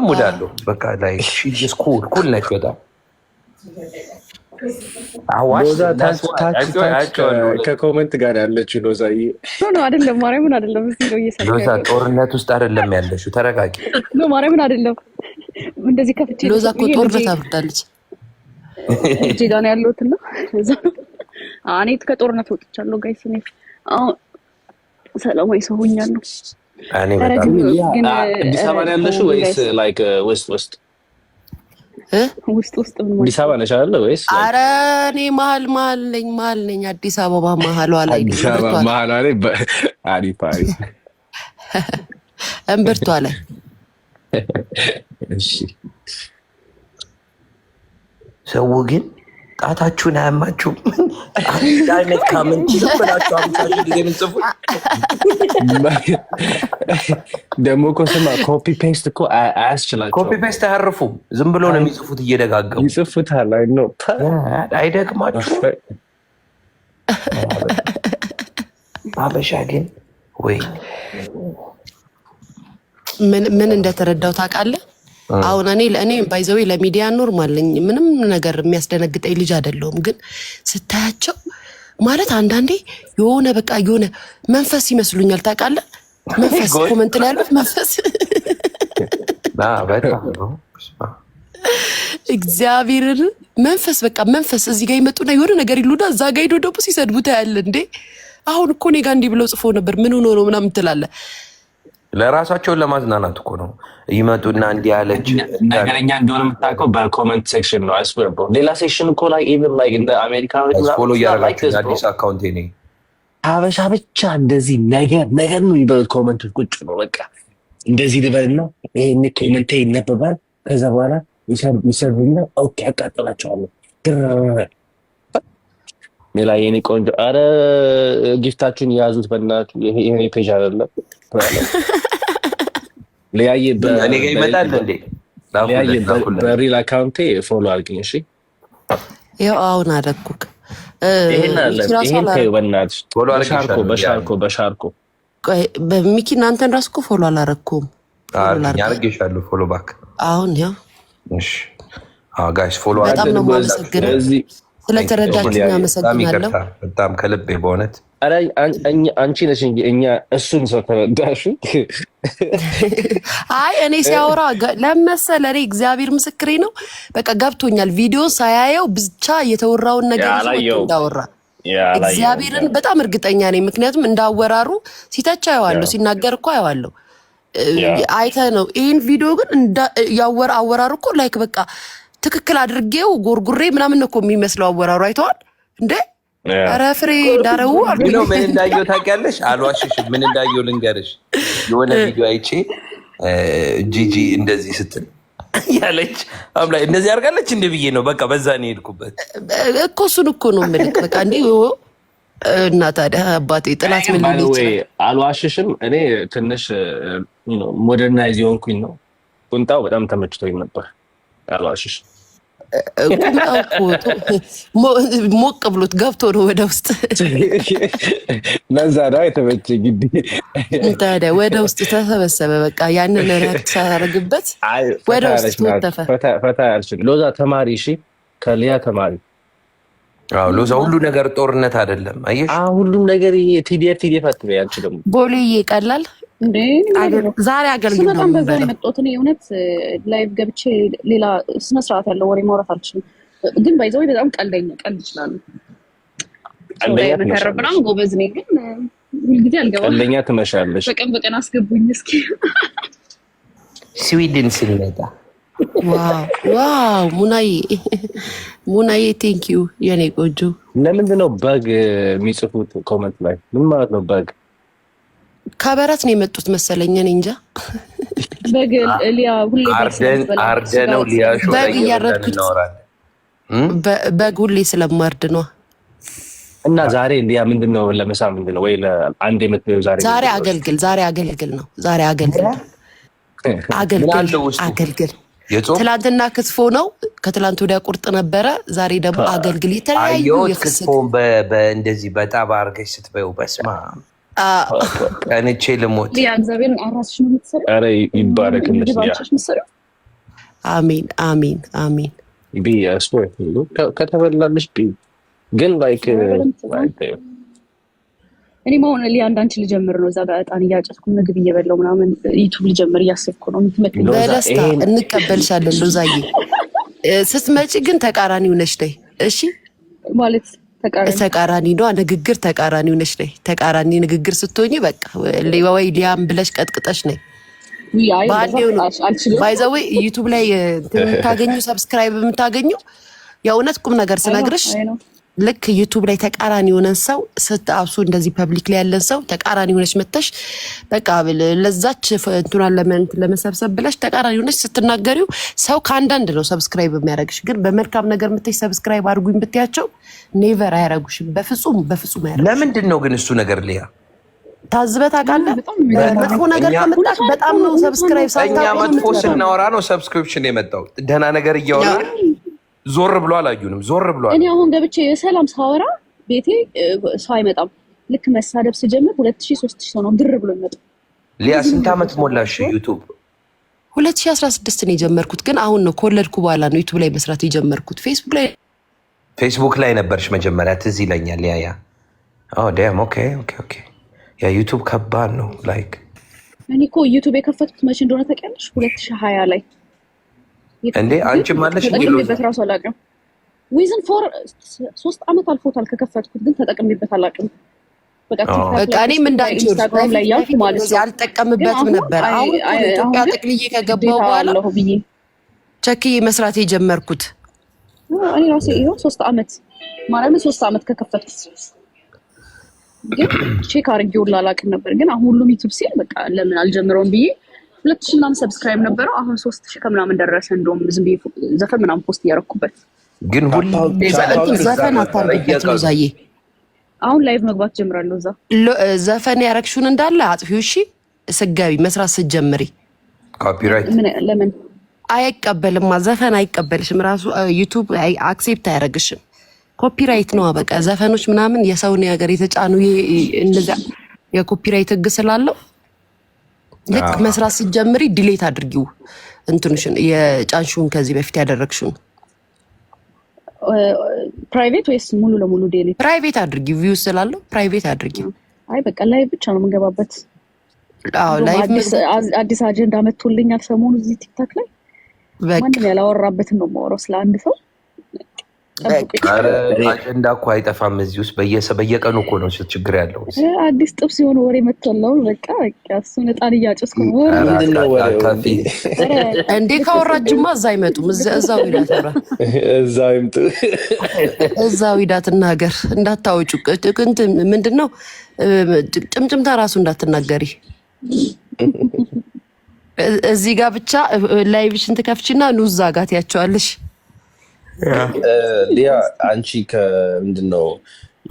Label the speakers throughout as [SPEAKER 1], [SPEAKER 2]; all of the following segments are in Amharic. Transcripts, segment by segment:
[SPEAKER 1] በጣም ሙዳለሁ። በቃ ላይ ኩል ኩል ነች በጣም
[SPEAKER 2] ከኮመንት ጋር ያለችው ሎዛ
[SPEAKER 3] አይደለም፣ ማርያምን አይደለም።
[SPEAKER 1] ሎዛ ጦርነት ውስጥ አይደለም ያለችው፣ ተረጋጊ።
[SPEAKER 3] ማርያምን አይደለም። እንደዚህ ከፍቼ
[SPEAKER 4] ሎዛ እኮ ጦርነት
[SPEAKER 3] እጄ ጋር ያለሁት ነው። እኔ ከጦርነት ወጥቻለሁ ጋይስ። እኔ ሰላማዊ ሰው ሆኛለሁ።
[SPEAKER 1] አዲስ
[SPEAKER 2] አበባ ነው ያለሽው ወይስ ላይክ ውስጥ ውስጥ ውስጥ ውስጥ አዲስ አበባ ነሽ ወይስ
[SPEAKER 4] እኔ መሀል መሀል ነኝ መሀል ነኝ። አዲስ አበባ መሀሏ ላይ
[SPEAKER 2] አዲስ አበባ መሀሏ ላይ አሪፍ አሪፍ
[SPEAKER 4] እምብርቷ ላይ እሺ።
[SPEAKER 1] ሰው ግን ጣታችሁን አያማችሁም?
[SPEAKER 2] አንድ አይነት ካምንት ብላችሁ አምሳሽ ጊዜ ምንጽፉ ደግሞ እኮ ስማ፣ ኮፒ ፔስት እኮ አያስችላቸው።
[SPEAKER 1] ኮፒ ፔስት አያርፉም። ዝም ብሎ ነው የሚጽፉት፣ እየደጋገሙ
[SPEAKER 2] ይጽፉታል። አይ ነው
[SPEAKER 1] አይደግማችሁ። አበሻ ግን ወይ
[SPEAKER 4] ምን ምን እንደተረዳው ታውቃለህ አሁን እኔ ለእኔ ባይዘዌ ለሚዲያ ኖርማል ነኝ። ምንም ነገር የሚያስደነግጠኝ ልጅ አይደለሁም። ግን ስታያቸው ማለት አንዳንዴ የሆነ በቃ የሆነ መንፈስ ይመስሉኛል። ታውቃለህ? መንፈስ ኮመንት ላይ ያሉት መንፈስ እግዚአብሔርን መንፈስ በቃ መንፈስ እዚህ ጋር ይመጡና የሆነ ነገር ይሉና እዛ ጋር ሄዶ ደግሞ ሲሰድቡ ታያለህ። እንዴ አሁን እኮ እኔ ጋ እንዲህ ብለው ጽፎ ነበር ምን ሆኖ ነው ምናምን ትላለህ
[SPEAKER 2] ለራሳቸውን ለማዝናናት እኮ ነው። ይመጡና እንዲህ ያለች ነገረኛ እንደሆነ የምታውቀው በኮመንት ሴክሽን ነው። አይስዌር ሌላ ሴክሽን እኮ ላይ ኢቨን ላይ እንደ አሜሪካ ፎሎ እያደረጋችሁ አዲስ አካውንት ኔ
[SPEAKER 1] ሀበሻ ብቻ እንደዚህ ነገር ነገር ነው የሚበሉት። ኮመንት ቁጭ ነው በቃ እንደዚህ ልበል ልበልና ይህ ኮመንቴ ይነበባል። ከዛ በኋላ ይሰርብኛ ኦኬ ያቃጥላቸዋለሁ።
[SPEAKER 2] ሌላ የኔ ቆንጆ አረ ጊፍታችሁን የያዙት በእናቱ ይሄ ፔጅ አይደለም ሊያየ በሪል አካውንቴ ፎሎ አድርግኝ። እሺ ያው አሁን አደረኩክ። ይሄን ተይው በእናትሽ በሚኪ እናንተን ራሱ እኮ ፎሎ አላረኩም። ያረግሻሉ ፎሎ ባክ አሁን ያው ጋሽ ፎሎ በጣም ስለተረዳችሁ እናመሰግናለሁ። በጣም ከልቤ በእውነት አንቺ ነሽ እንጂ እኛ እሱን ሰው ተረዳሹ። አይ እኔ ሲያወራ ለመሰለ እኔ እግዚአብሔር ምስክሬ ነው። በቃ ገብቶኛል። ቪዲዮ ሳያየው ብቻ የተወራውን ነገር እንዳወራ እግዚአብሔርን በጣም እርግጠኛ ነኝ። ምክንያቱም እንዳወራሩ ሲተች አየዋለሁ፣ ሲናገር እኮ አየዋለሁ። አይተ ነው ይህን ቪዲዮ ግን አወራሩ እኮ ላይክ በቃ ትክክል አድርጌው ጎርጉሬ ምናምን እኮ የሚመስለው አወራሩ አይተዋል እንደ ኧረ ፍሬ እንዳረው አልኩኝ። ምን እንዳየው ታውቂያለሽ? አልዋሽሽም። ምን እንዳየው ልንገርሽ። የሆነ ቪዲዮ አይቼ ጂጂ እንደዚህ ስትል ያለች አምላይ እንደዚህ አድርጋለች እንደ ብዬ ነው በቃ በዛ ነው የሄድኩበት እኮ እሱን እኮ ነው የምልክ። በቃ እንደ እና ታዲያ አባቴ ጥላት ምን ሊል ይችላል? አልዋሽሽም። እኔ ትንሽ ሞደርናይዝ የሆንኩኝ ነው። ቁንጣው በጣም ተመችቶኝ ነበር። አልዋሽሽም ሞቅ ብሎት ገብቶ ነው ወደ ውስጥ። ነዛ ነው የተመቸ ግቢ። ታዲያ ወደ ውስጥ ተሰበሰበ። በቃ ያንን ሳያደርግበት ወደ ውስጥ ፈታ ያልች ሎዛ ተማሪ እሺ፣ ከሊያ ተማሪ ሎዛ፣ ሁሉ ነገር ጦርነት አይደለም። አየሽ፣ ሁሉም ነገር ቲዲፍ ቲዲፍ አትበይ አንቺ ደግሞ ቦሌዬ ቀላል ዛሬ አገልግሎት በጣም በዛ የመጣሁት እኔ እውነት ላይቭ ገብቼ ሌላ ስነስርዓት ያለው ወሬ ማውራት አልችልም። ግን ባይዘው በጣም ቀልደኛ ቀልድ ይችላሉ። በተረፈ ጎበዝ ነኝ፣ ግን ሁልጊዜ አልገባም። ትመሻለሽ። በቀን በቀን አስገቡኝ እስኪ ስዊድን ስንመጣ። ዋው ሙናዬ ሙናዬ ቴንኪዩ የኔ ቆንጆ። ለምንድን ነው በግ የሚጽፉት ኮመንት ላይ? ምን ማለት ነው በግ? ከበረት ነው የመጡት መሰለኝ። እኔ እንጃ አርደነው ሊያሾ በግ እያረድኩት በግ ሁሌ ስለማርድ ነዋ። እና ዛሬ እንዲያ ምንድን ነው ለምሳ ምንድን ነው ወይ አንድ የምት ዛሬ አገልግል ዛሬ አገልግል ነው ዛሬ አገልግል አገልግል አገልግል ትላንትና ክትፎ ነው። ከትላንት ወዲያ ቁርጥ ነበረ። ዛሬ ደግሞ አገልግል የተለያዩ ክትፎ እንደዚህ በጣም አርገሽ ስትበው በስማ ቀንቼ ልሞት እግዚአብሔርን አራስሽ ነው የምትሰሪው። ኧረ ይባረክልሽ። አሜን አሜን አሜን። ቢ ግን ላይክ እኔ መሆን ሊያ አንዳንቺ ልጀምር ነው እዛ ጋር እጣን እያጨስኩ ምግብ እየበላሁ ምናምን ዩቱብ ልጀምር እያሰብኩ ነው። የምትመጪው በደስታ እንቀበልሻለን። ሎዛዬ ስትመጪ ግን ተቃራኒ ነሽ። ተይ እሺ ማለት ተቃራኒ ነዋ። ንግግር ተቃራኒ ነች ነ ተቃራኒ ንግግር ስትሆኝ በቃ ወይ ሊያም ብለሽ ቀጥቅጠሽ ነ ባይዘዌ ዩቱብ ላይ የምታገኙ ሰብስክራይብ የምታገኙ የእውነት ቁም ነገር ስነግርሽ ልክ ዩቱብ ላይ ተቃራኒ የሆነን ሰው ስትአብሱ እንደዚህ ፐብሊክ ላይ ያለን ሰው ተቃራኒ የሆነች መተሽ በቃ ለዛች እንትኗን ለመሰብሰብ ብለሽ ተቃራኒ የሆነች ስትናገሪው ሰው ከአንዳንድ ነው ሰብስክራይብ የሚያደርግሽ። ግን በመልካም ነገር ምትሽ ሰብስክራይብ አድርጉኝ ብትያቸው ኔቨር አያረጉሽም። በፍጹም በፍጹም አያረጉሽም። ለምንድን ነው ግን እሱ ነገር ሊያ ታዝበት ታውቃለህ? መጥፎ ነገር በጣም ነው ሰብስክራይብ ሳታ መጥፎ ስናወራ ነው ሰብስክሪፕሽን የመጣው ደህና ነገር እያወራ ዞር ብሎ አላዩንም። ዞር ብሎ እኔ አሁን ገብቼ የሰላም ሳወራ ቤቴ ሰው አይመጣም። ልክ መሳደብ ስጀምር ሁለት ሺህ ሦስት ሺህ ሰው ነው ድር ብሎ ይመጡ። ሊያ ስንት ዓመት ሞላሽ ዩቱብ? ሁለት ሺህ አስራ ስድስት ነው የጀመርኩት፣ ግን አሁን ነው ከወለድኩ በኋላ ነው ዩቱብ ላይ መስራት የጀመርኩት። ፌስቡክ ላይ ፌስቡክ ላይ ነበርሽ መጀመሪያ ትዝ ይለኛል። ያ ያ ደም ኦኬ ኦኬ ኦኬ። ያ ዩቱብ ከባድ ነው። ላይክ እኔ እኮ ዩቱብ የከፈትኩት መቼ እንደሆነ ታውቂያለሽ? ሁለት ሺህ ሀያ ላይ እንዴ አንቺ ማለሽ አለሽ ራሱ አላውቅም። ዊዝን ፎር ሶስት አመት አልፎታል ከከፈትኩት፣ ግን ተጠቅሜበት አላውቅም። እኔም እንዳንቺ አልጠቀምበትም ነበር። አሁን ኢትዮጵያ ጠቅልዬ ከገባሁ በኋላ ቸክዬ መስራት የጀመርኩት እኔ ራሴ ይኸው ሶስት ዓመት ማርያምን ሶስት አመት ከከፈትኩት ግን ቼክ አድርጌውን አላውቅም ነበር። ግን አሁን ሁሉም ዩቱብ ሲል በቃ ለምን አልጀምረውም ብዬ ሁለት ሺህ ምናምን ሰብስክራይብ ነበረው። አሁን ሶስት ሺ ከምናምን ደረሰ። እንደውም ዝም ብዬ ዘፈን ምናምን ፖስት እያደረኩበት ግን ሁዘፈን አታርግበት ዛዬ። አሁን ላይቭ መግባት ጀምራለሁ። እዛ ዘፈን ያረግሹን እንዳለ አጥፊው። እሺ ስጋቢ መስራት ስጀምሪ ለምን አይቀበልማ? ዘፈን አይቀበልሽም ራሱ ዩቱብ አክሴፕት አያረግሽም። ኮፒራይት ነው በቃ። ዘፈኖች ምናምን የሰውን ሀገር የተጫኑ እንደዚያ የኮፒራይት ህግ ስላለው ልክ መስራት ስትጀምሪ ዲሌት አድርጊው እንትንሽን የጫንሽውን ከዚህ በፊት ያደረግሽውን ፕራይቬት ወይስ ሙሉ ለሙሉ ዴሌት? ፕራይቬት አድርጊው ቪው ስላለው ፕራይቬት አድርጊው። አይ በቃ ላይ ብቻ ነው የምንገባበት። አዲስ አጀንዳ መጥቶልኛል ሰሞኑ እዚህ ቲክታክ ላይ ማንም ያላወራበትን ነው የማወራው ስለ አንድ ሰው አጀንዳ እኮ አይጠፋም እዚህ ውስጥ በየቀኑ እኮ ነው ችግር ያለው። አዲስ ጥብስ ሲሆን ወሬ መጥቶለው በቃ በቃ እሱን እጣን እያጨስኩ እንዴ። ካወራጅማ እዛ አይመጡም፣ እዛው ሂዳት እዛው ይምጡ፣ እዛው ሂዳት እናገር እንዳታወጩ። ምንድን ነው ጭምጭምታ ራሱ እንዳትናገሪ እዚህ ጋር ብቻ ላይቭሽን ትከፍቺና ኑ እዛ ጋር ትያቸዋለሽ። ሊያ uh, አንቺ ከምንድነው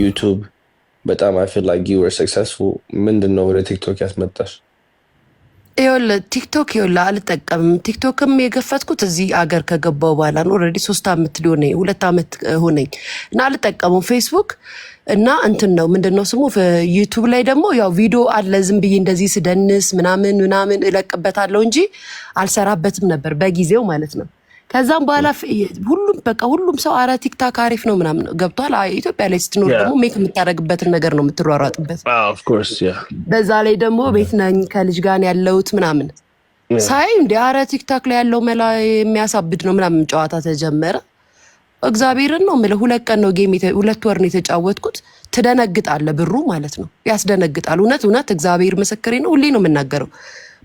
[SPEAKER 2] ዩቱብ በጣም አፈላጊ ወር ሰክሰስፉ ምንድነው ወደ ቲክቶክ ያስመጣሽ? ይኸውልህ ቲክቶክ ይኸውልህ አልጠቀምም። ቲክቶክም የገፈትኩት እዚህ አገር ከገባው በኋላ ነው። ኦልሬዲ ሶስት ዓመት ሊሆነ ሁለት አመት ሆነኝ እና አልጠቀሙም። ፌስቡክ እና እንትን ነው ምንድን ነው ስሙ ዩቱብ ላይ ደግሞ ያው ቪዲዮ አለ ዝም ብዬ እንደዚህ ስደንስ ምናምን ምናምን እለቅበታለሁ እንጂ አልሰራበትም ነበር በጊዜው ማለት ነው። ከዛም በኋላ ሁሉም በቃ ሁሉም ሰው አረ ቲክታክ አሪፍ ነው ምናምን ገብቷል። ኢትዮጵያ ላይ ስትኖር ደግሞ ሜክ የምታደርግበትን ነገር ነው የምትሯሯጥበት። ah, በዛ ላይ ደግሞ ቤት ነኝ ከልጅ ጋር ያለሁት ምናምን ሳይ እንዲ አረ ቲክታክ ላይ ያለው መላ የሚያሳብድ ነው ምናምን ጨዋታ ተጀመረ። እግዚአብሔርን ነው የምልህ፣ ሁለት ቀን ነው ጌም፣ ሁለት ወር ነው የተጫወትኩት። ትደነግጣለ ብሩ ማለት ነው ያስደነግጣል። እውነት እውነት እግዚአብሔር ምስክሬ ነው፣ ሁሌ ነው የምናገረው።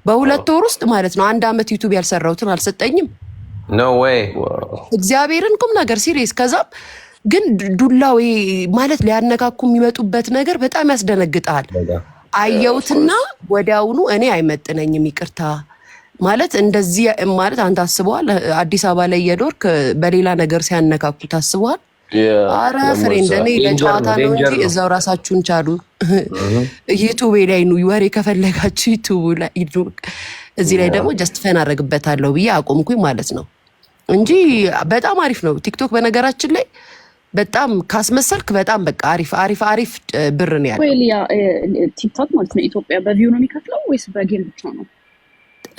[SPEAKER 2] በሁለት oh. ወር ውስጥ ማለት ነው አንድ አመት ዩቱብ ያልሰራሁትን አልሰጠኝም ኖ ወይ እግዚአብሔርን ቁም ነገር ሲሪየስ። ከዛ ግን ዱላው ማለት ሊያነካኩ የሚመጡበት ነገር በጣም ያስደነግጣል። አየውትና ወዲያውኑ እኔ አይመጥነኝም ይቅርታ ማለት እንደዚህ ማለት አንተ አስበዋል። አዲስ አበባ ላይ የዶርክ በሌላ ነገር ሲያነካኩ ታስበዋል። አረ ፍሬንድ እኔ ለጨዋታ ነው እንጂ እዛው ራሳችሁን ቻሉ። ዩቱቤ ላይ ኑ፣ ወሬ ከፈለጋችሁ ዩቱቡ ላይ እዚህ ላይ ደግሞ ጀስት ፈን አደረግበታለሁ ብዬ አቆምኩኝ ማለት ነው እንጂ በጣም አሪፍ ነው ቲክቶክ። በነገራችን ላይ በጣም ካስመሰልክ በጣም በቃ አሪፍ አሪፍ አሪፍ ብር ነው ያለው ቲክቶክ ማለት ነው። ኢትዮጵያ በቪው ነው የሚከፍለው ወይስ በጌም ብቻ ነው?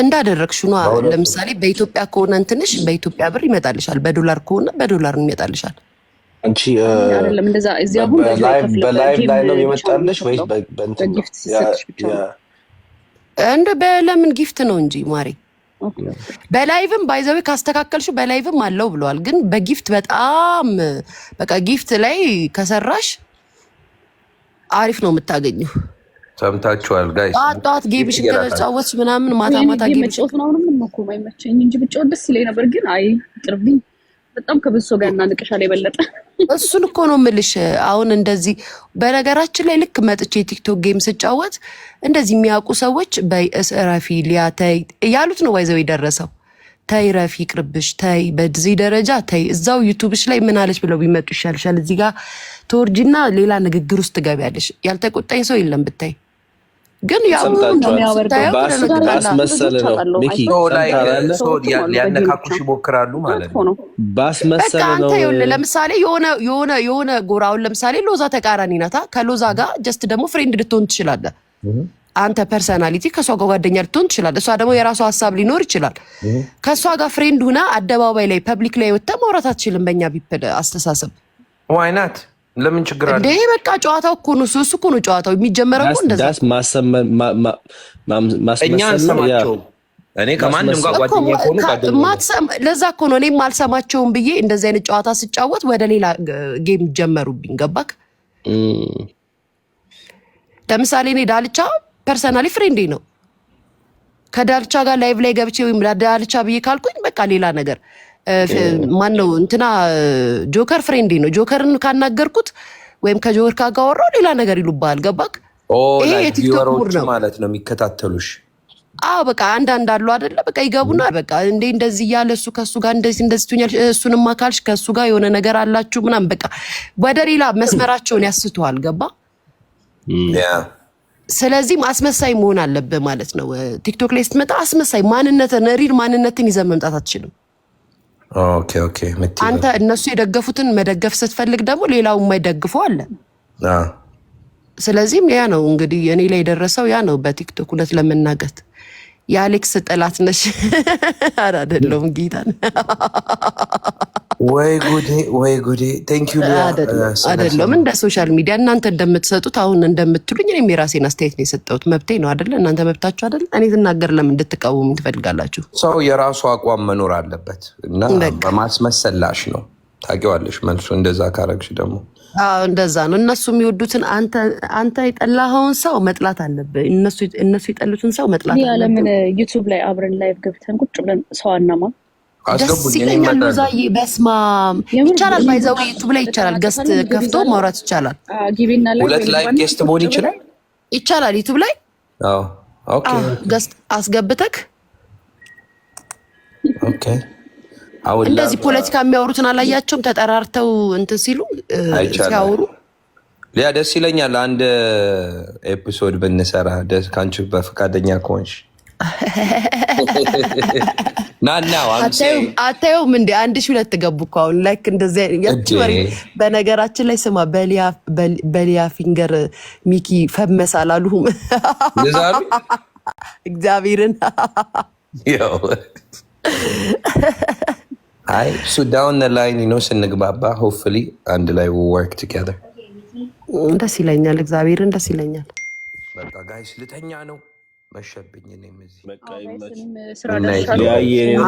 [SPEAKER 2] እንዳደረግሽ ነ ለምሳሌ በኢትዮጵያ ከሆነ እንትንሽ በኢትዮጵያ ብር ይመጣልሻል፣ በዶላር ከሆነ በዶላር ይመጣልሻል። አንቺ በላይቭ ላይ ነው ይመጣልሽ ወይስ በእንትን እንደ በለምን ጊፍት ነው እንጂ ማሬ በላይቭም ባይዘዌ ካስተካከልሽው በላይቭም አለው ብለዋል። ግን በጊፍት በጣም በቃ ጊፍት ላይ ከሰራሽ አሪፍ ነው የምታገኘው። ሰምታችኋል ጋይ ጠዋት ጠዋት ጌምሽን ከተጫወትሽ ምናምን ማታ ማታ ጌምሽ ነው ምንም እኮ አይመቸኝ እንጂ ብጫወት ደስ ይለኝ ነበር ግን አይ ቅርብኝ በጣም ከብሶ ጋር እናንቅሻለን የበለጠ እሱን እኮ ነው ምልሽ። አሁን እንደዚህ በነገራችን ላይ ልክ መጥቼ የቲክቶክ ጌም ስጫወት እንደዚህ የሚያውቁ ሰዎች በይ ሊያ ተይ እያሉት ነው ዋይዘው የደረሰው ተይ ረፊ ቅርብሽ ተይ በዚህ ደረጃ ተይ። እዛው ዩቱብሽ ላይ ምን አለች ብለው ቢመጡ ይሻልሻል። እዚህ ጋር ተወርጂና ሌላ ንግግር ውስጥ ትገቢያለሽ። ያልተቆጣኝ ሰው የለም ብታይ ግን ባስመሰል ነው ሚኪ ሊያነካኩሽ ይሞክራሉ ማለት ነው። ባስመሰል ነው ለምሳሌ የሆነ የሆነ የሆነ ጎራውን ለምሳሌ ሎዛ ተቃራኒ ናታ። ከሎዛ ጋር ጀስት ደግሞ ፍሬንድ ልትሆን ትችላለህ። አንተ ፐርሰናሊቲ ከእሷ ጋር ጓደኛ ልትሆን ትችላል። እሷ ደግሞ የራሷ ሀሳብ ሊኖር ይችላል። ከእሷ ጋር ፍሬንድ ሁና አደባባይ ላይ ፐብሊክ ላይ ወጥተህ ማውራት አትችልም። በእኛ ቢፕል አስተሳሰብ ዋይናት ለምን ችግር አለ እንዴ? በቃ ጨዋታው እኮ ነው። እሱ እኮ ነው ጨዋታው የሚጀመረው እኮ እንደዛ። ዳስ ማሰመን እኛ አንሰማቸውም። እኔ ከማንም ጋር ጓደኛ ሆኑ ለዛ እኮ ነው እኔም አልሰማቸውም ብዬ እንደዚህ አይነት ጨዋታ ስጫወት ወደ ሌላ ጌም ጀመሩብኝ። ገባክ? ለምሳሌ እኔ ዳልቻ ፐርሰናሊ ፍሬንዴ ነው። ከዳልቻ ጋር ላይቭ ላይ ገብቼ ወይም ዳልቻ ብዬ ካልኩኝ በቃ ሌላ ነገር ማነው እንትና ጆከር ፍሬንዴ ነው። ጆከርን ካናገርኩት ወይም ከጆከር ካጋወራው ሌላ ነገር ይሉብሃል። ገባክ? ይሄ የቲክቶክ ነው ማለት ነው የሚከታተሉሽ አዎ በቃ አንዳንድ አሉ አደለ? በቃ ይገቡና በቃ እንዴ እንደዚህ እያለ እሱ ከሱ ጋር እንደዚህ እንደዚህ ትኛል። እሱንማ ካልሽ ከሱ ጋር የሆነ ነገር አላችሁ ምናምን፣ በቃ ወደ ሌላ መስመራቸውን ያስተዋል። ገባ? ስለዚህ አስመሳይ መሆን አለብህ ማለት ነው። ቲክቶክ ላይ ስትመጣ አስመሳይ ማንነትን ሪል ማንነትን ይዘህ መምጣት አትችልም። Oh, አንተ እነሱ የደገፉትን መደገፍ ስትፈልግ ደግሞ ሌላው የማይደግፈው አለ። ah. ስለዚህም ያ ነው እንግዲህ እኔ ላይ የደረሰው ያ ነው በቲክቶክ ሁለት ለመናገት የአሌክስ ጠላት ነሽ? ኧረ አይደለሁም። ጌታን ወይ ጉዴ ወይ ጉዴ። ቴንኪው uh, አይደለሁም። እንደ ሶሻል ሚዲያ እናንተ እንደምትሰጡት አሁን እንደምትሉኝ እኔም የራሴን አስተያየት ነው የሰጠሁት። መብቴ ነው አደለ? እናንተ መብታችሁ አደለ? እኔ ትናገር ለምን እንድትቃወሙ ትፈልጋላችሁ? ሰው የራሱ አቋም መኖር አለበት እና በማስመሰላሽ ነው ታውቂዋለሽ። መልሱ እንደዛ ካረግሽ ደግሞ እንደዛ ነው። እነሱ የሚወዱትን አንተ የጠላኸውን ሰው መጥላት አለብህ። እነሱ የጠሉትን ሰው መጥላት አለብህ። ለምን ዩቱብ ላይ አብረን ላይቭ ገብተን ቁጭ ብለን ሰው አናማ ደስ ይለኛል። ይቻላል። ባይዘው ዩቱብ ላይ ይቻላል። ገስት ከፍቶ ማውራት ይቻላል። ሁለት ላይ ጌስት መሆን ይችላል። ይቻላል ዩቱብ ላይ ገስት አስገብተክ ኦኬ እንደዚህ ፖለቲካ የሚያወሩትን አላያቸውም? ተጠራርተው እንትን ሲሉ ሲያወሩ ሊያ ደስ ይለኛል። አንድ ኤፒሶድ ብንሰራ ደስ ከአንቺ በፈቃደኛ ከሆንሽ ናና አታየውም እንዴ? አንድ ሺ ሁለት ገቡ እኮ አሁን ላይክ እንደዚህ በነገራችን ላይ ስማ፣ በሊያ ፊንገር ሚኪ ፈመሳ አላሉሁም እግዚአብሔርን አይ እሱ ዳውን ላይን ነው ስንግባባ፣ ሆፕፉሊ አንድ ላይ ወርክ ቱጌዘር ደስ ይለኛል። እግዚአብሔርን ደስ ይለኛል። በቃ ጋይስ ልተኛ ነው መሸብኝ። እኔም እዚህ